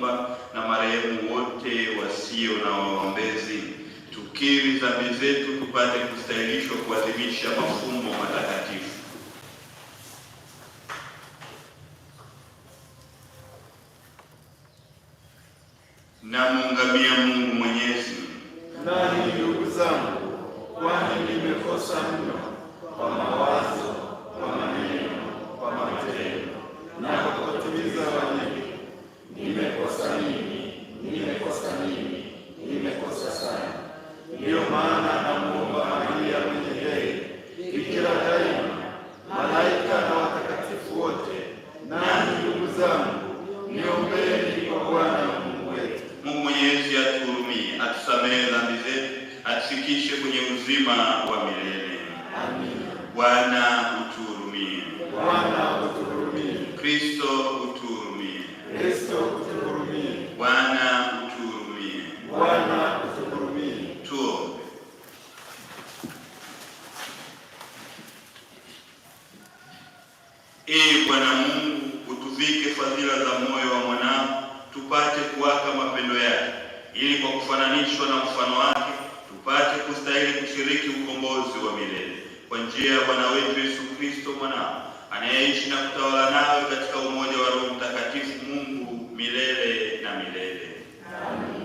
nyumba na marehemu wote wasio na waombezi. Tukiri dhambi zetu tupate kustahilishwa kuadhimisha mafumbo matakatifu. Mungu. kwenye uzima wa milele. Amina. Bwana utuhurumie. Bwana utuhurumie. Kristo utuhurumie. Kristo utuhurumie. Bwana utuhurumie. Bwana utuhurumie. Tuombe. Ee Bwana Mungu, utuvike fadhila za moyo wa mwanao tupate kuwaka mapendo yake ili kwa kufananishwa na mfano wake pate kustahili kushiriki ukombozi wa milele kwa njia ya Bwana wetu Yesu Kristo mwanao anayeishi na kutawala nawe katika umoja wa Roho Mtakatifu Mungu milele na milele. Amen.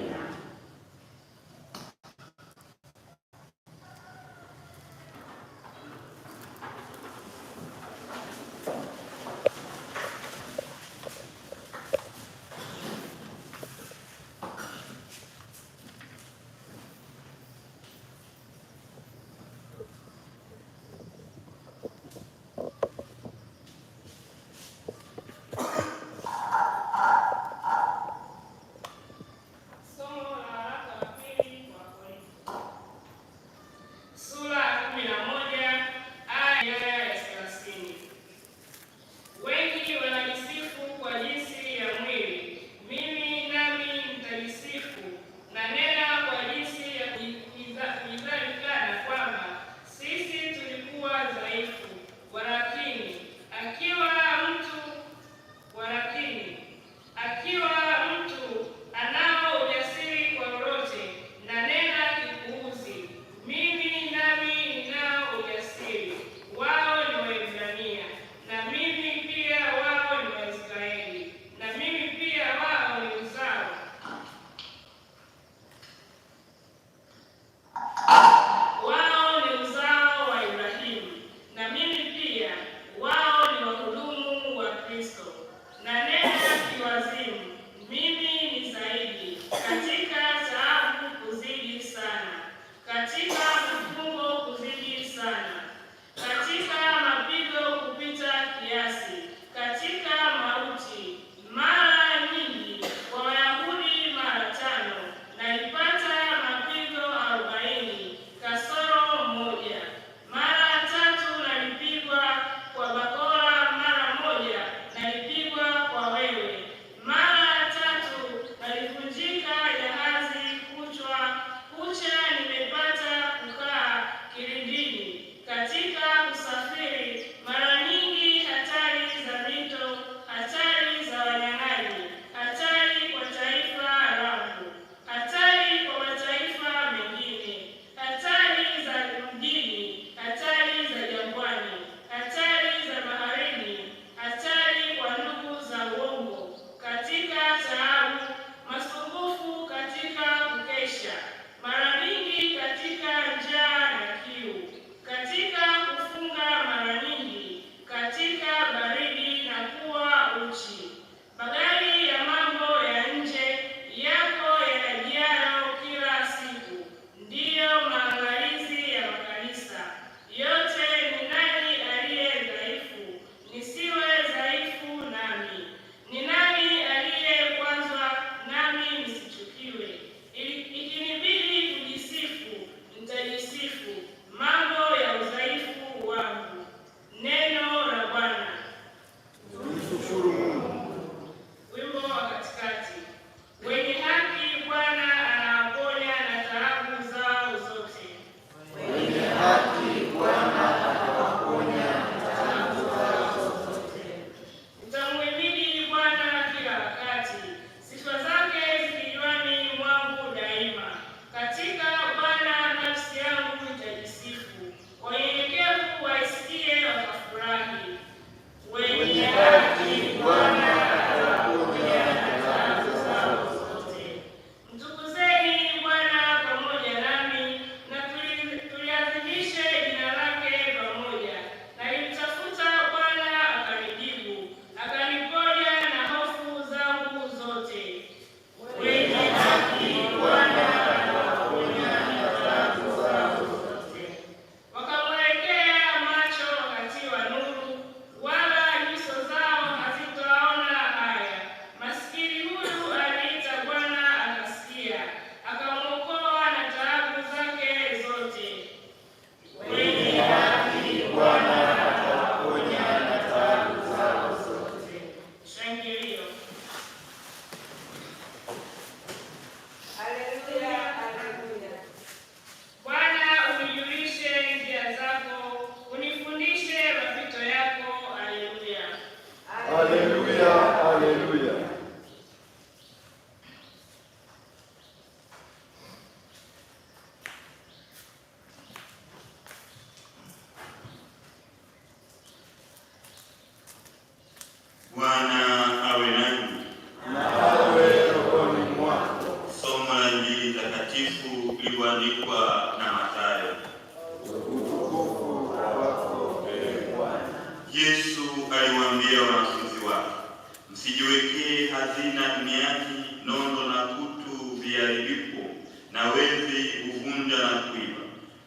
na wevi huvunja na kuiba,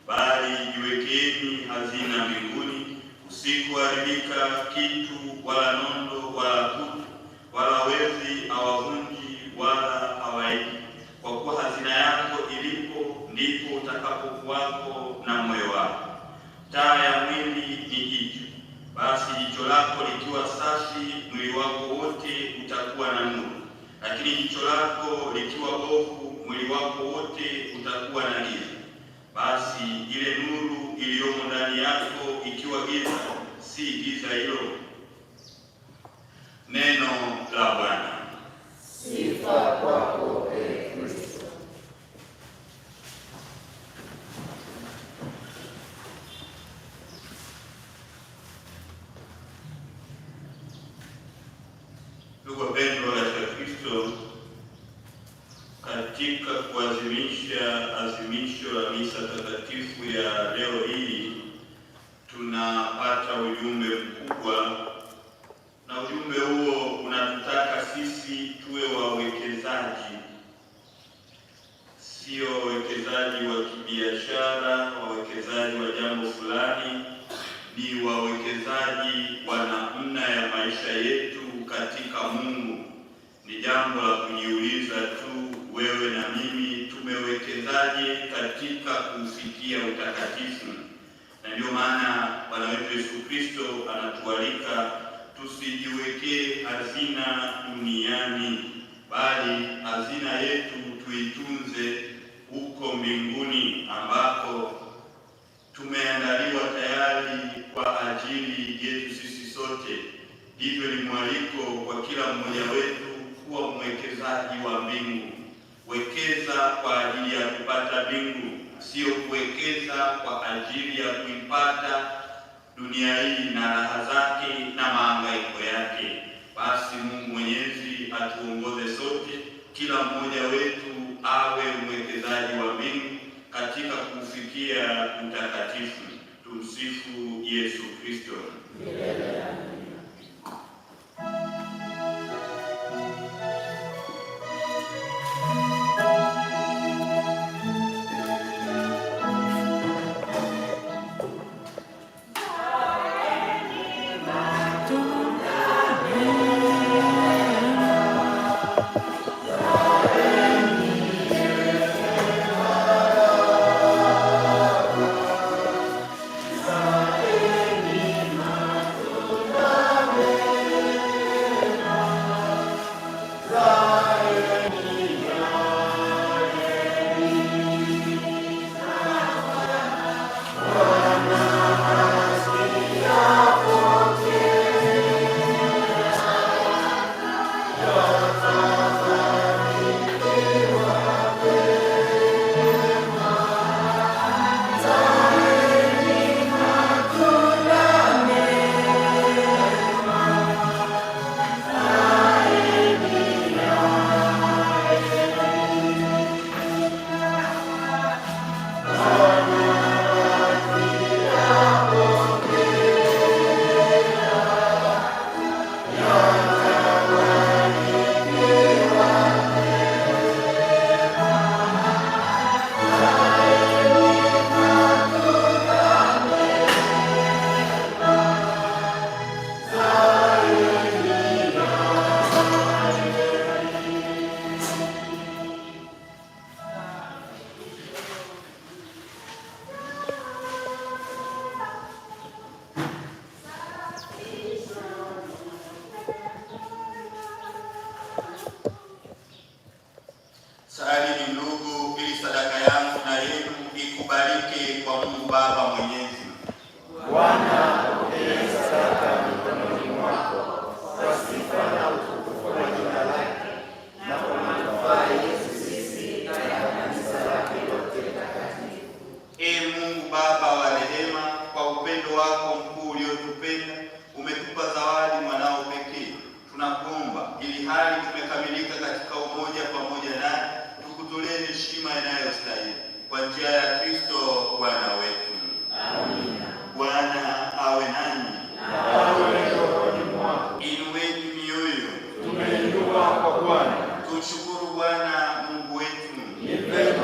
bali jiwekeni hazina mbinguni, usikuharibika kitu, wala nondo wala kutu, wala wezi hawavunji wala hawaibi, kwa kuwa hazina yako ilipo ndipo utakapokuwako na moyo wako. Taa ya mwili ni jicho. Basi jicho lako likiwa safi, mwili wako wote utakuwa na nuru, lakini jicho lako likiwa ovu mwili wako wote utakuwa na giza, basi ile nuru iliyomo ndani yako ikiwa giza, si giza hilo. Neno la Bwana. Sifa kwako. tusijiwekee hazina duniani, bali hazina yetu tuitunze huko mbinguni ambako tumeandaliwa tayari kwa ajili yetu sisi sote. Hivyo ni mwaliko kwa kila mmoja wetu kuwa mwekezaji wa mbingu. Wekeza kwa ajili ya kupata mbingu, sio kuwekeza kwa ajili ya kuipata dunia hii na raha zake na mahangaiko yake. Basi Mungu Mwenyezi atuongoze sote, kila mmoja wetu awe mwekezaji wa mbingu katika kufikia utakatifu. Tumsifu Yesu Kristo.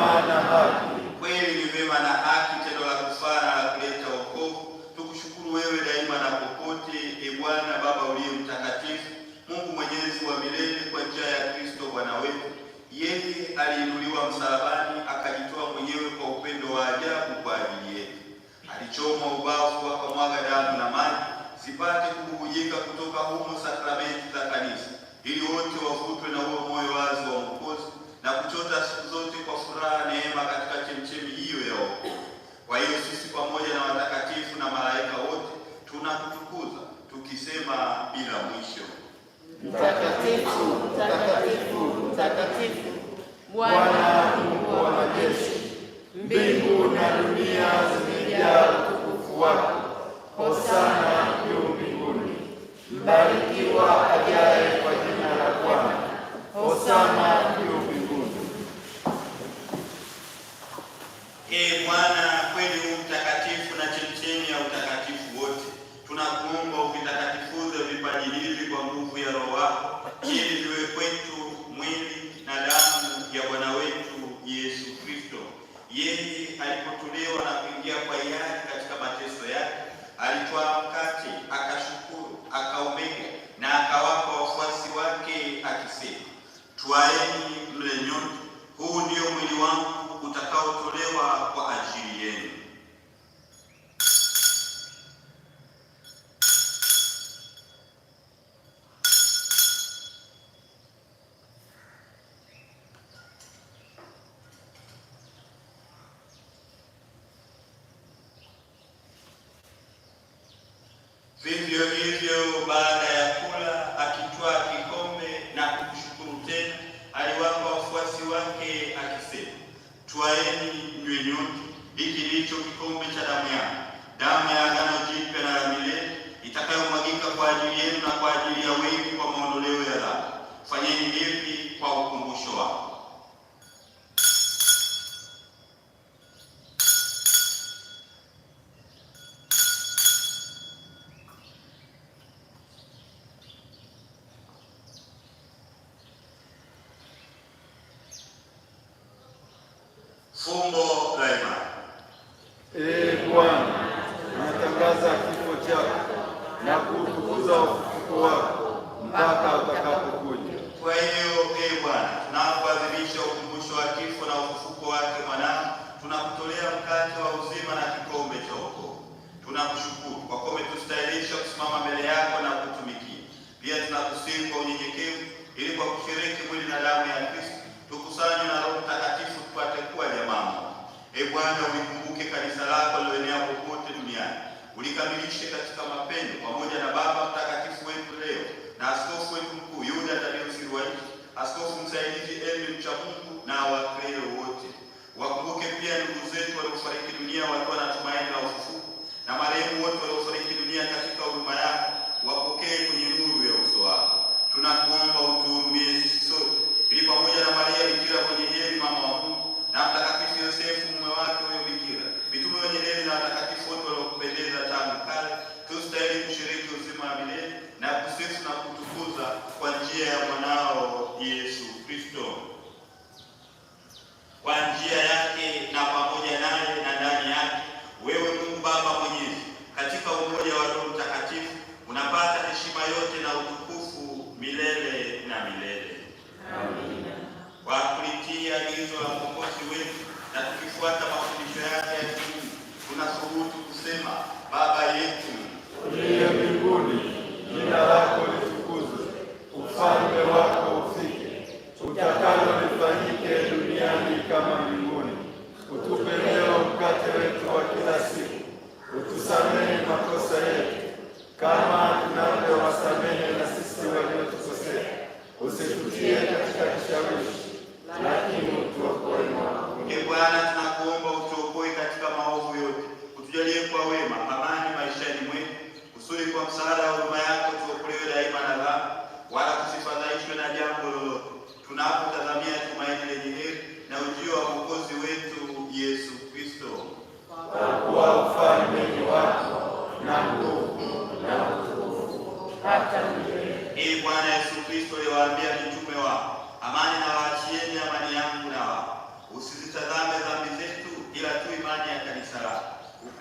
মানা হক bila mwisho. Mtakatifu, mtakatifu, mtakatifu, Bwana Mungu wa majeshi, mbingu na dunia zimejaa utukufu wako. Hosana juu mbinguni. Video, video,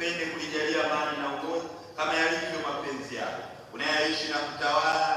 upende kulijalia amani na umoja kama yalivyo mapenzi yako, unayaishi na kutawala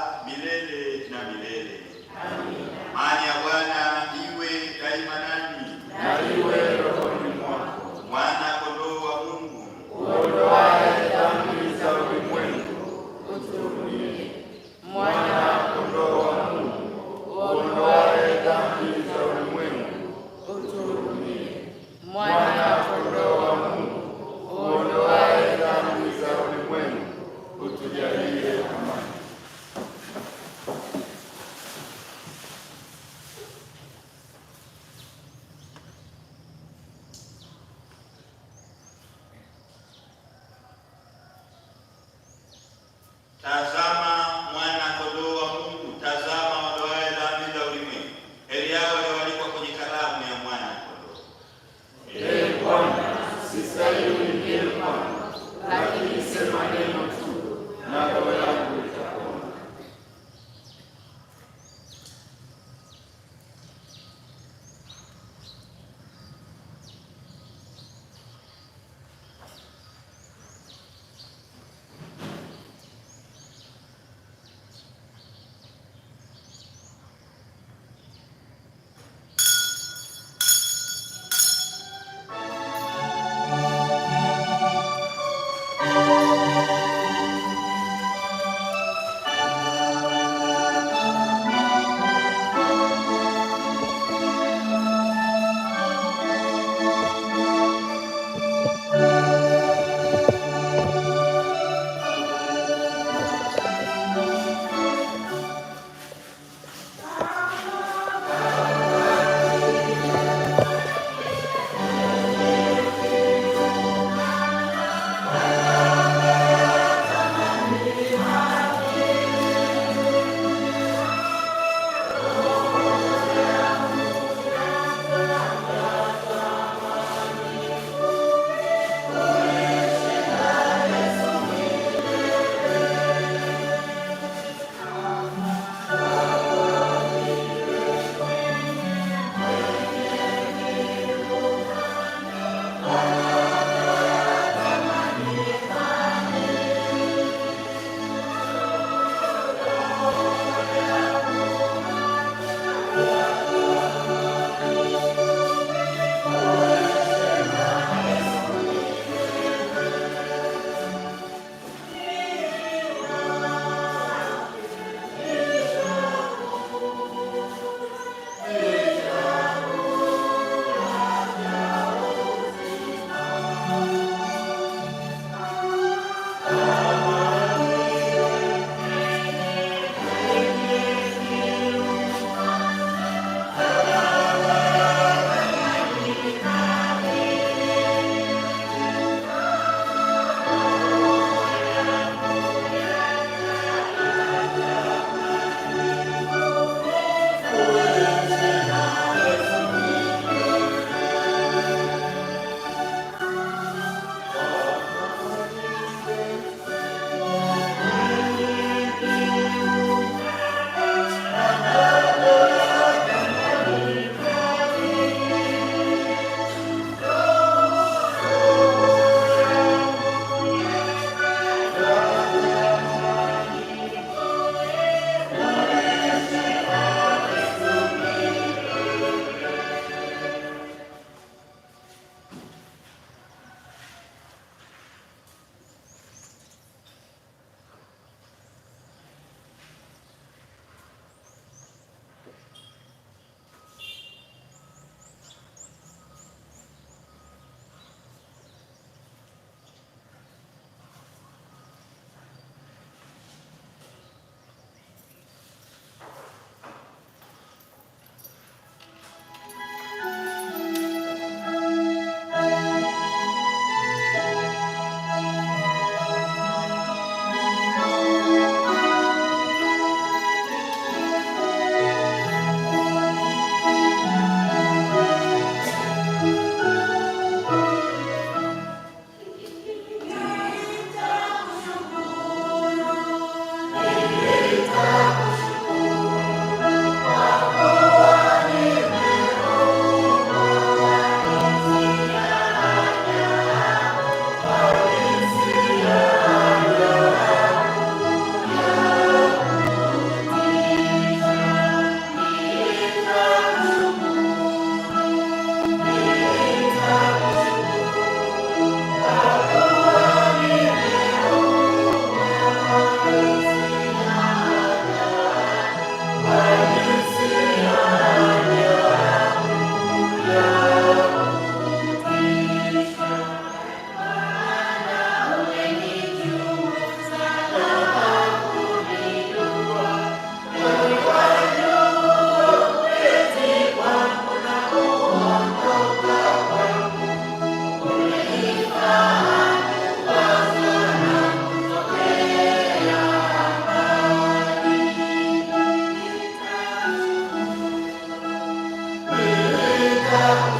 love.